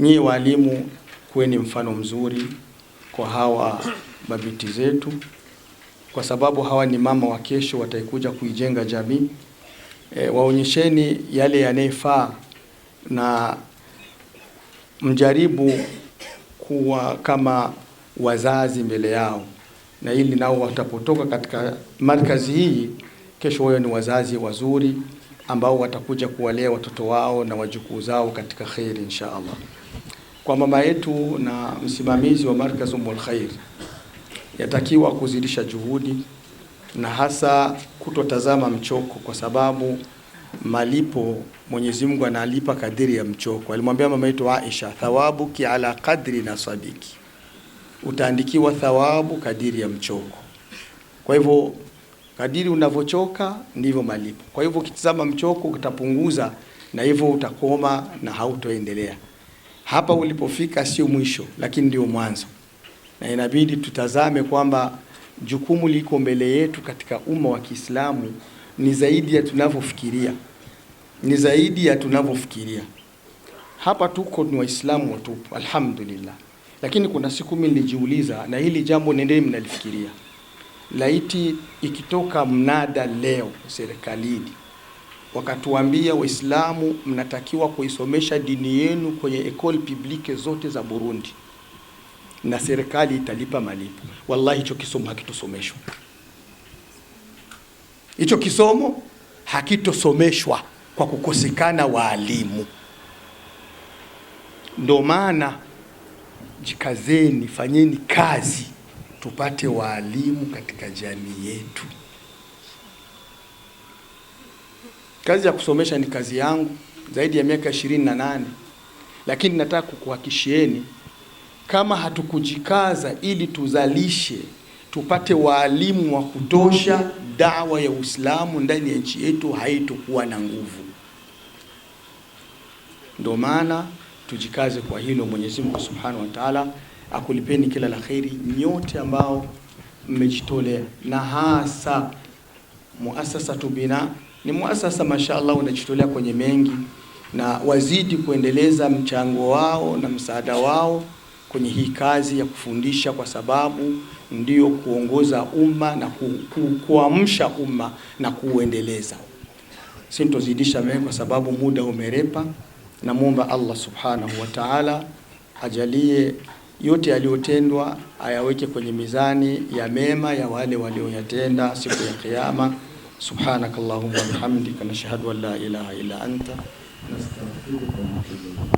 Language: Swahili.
nyie walimu, kuweni mfano mzuri kwa hawa mabinti zetu, kwa sababu hawa ni mama wa kesho, wataikuja kuijenga jamii. E, waonyesheni yale yanayefaa na mjaribu kuwa kama wazazi mbele yao, na ili nao watapotoka katika markazi hii kesho, wao ni wazazi wazuri ambao watakuja kuwalea watoto wao na wajukuu zao katika kheri, insha Allah kwa mama yetu na msimamizi wa Markaz umul Khair yatakiwa kuzidisha juhudi na hasa kutotazama mchoko, kwa sababu malipo Mwenyezi Mungu analipa kadiri ya mchoko. Alimwambia mama yetu Aisha, thawabuki ala kadri na sabiki utaandikiwa thawabu kadiri ya mchoko. Kwa hivyo kadiri unavyochoka ndivyo malipo. Kwa hivyo ukitazama mchoko utapunguza, na hivyo utakoma na hautoendelea hapa ulipofika sio mwisho, lakini ndio mwanzo, na inabidi tutazame kwamba jukumu liko mbele yetu katika umma wa Kiislamu ni zaidi ya tunavyofikiria, ni zaidi ya tunavyofikiria. Hapa tuko ni Waislamu watupu, alhamdulillah, lakini kuna siku mimi nilijiuliza, na hili jambo nendeni mnalifikiria, laiti ikitoka mnada leo serikalini wakatuambia Waislamu mnatakiwa kuisomesha dini yenu kwenye ecole publique zote za Burundi na serikali italipa malipo. Wallahi, hicho kisomo hakitosomeshwa hicho kisomo hakitosomeshwa kwa kukosekana waalimu. Ndio maana jikazeni, fanyeni kazi tupate waalimu katika jamii yetu. Kazi ya kusomesha ni kazi yangu zaidi ya miaka ishirini na nane, lakini nataka kukuhakishieni kama hatukujikaza ili tuzalishe tupate waalimu wa kutosha, dawa ya Uislamu ndani ya nchi yetu haitokuwa na nguvu. Ndio maana tujikaze kwa hilo. Mwenyezi Mungu Subhanahu wa Ta'ala akulipeni kila la kheri nyote ambao mmejitolea na hasa muasasatu tubina ni mwasasa mashallah unajitolea kwenye mengi, na wazidi kuendeleza mchango wao na msaada wao kwenye hii kazi ya kufundisha, kwa sababu ndio kuongoza umma na ku, kuamsha umma na kuuendeleza. Sintozidisha mengi kwa sababu muda umerepa. Namwomba Allah subhanahu wa ta'ala ajalie yote yaliyotendwa ayaweke kwenye mizani ya mema ya wale walioyatenda siku ya Kiyama. سبحانك اللهم وبحمدك نشهد أن لا إله إلا أنت نستغفرك ونتوب إليك